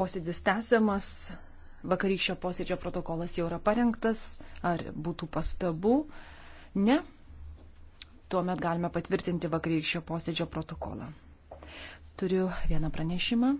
Posėdis tęsiamas, vakarykščio posėdžio protokolas jau yra parengtas, ar būtų pastabų? Ne. Tuomet galime patvirtinti vakarykščio posėdžio protokolą. Turiu vieną pranešimą.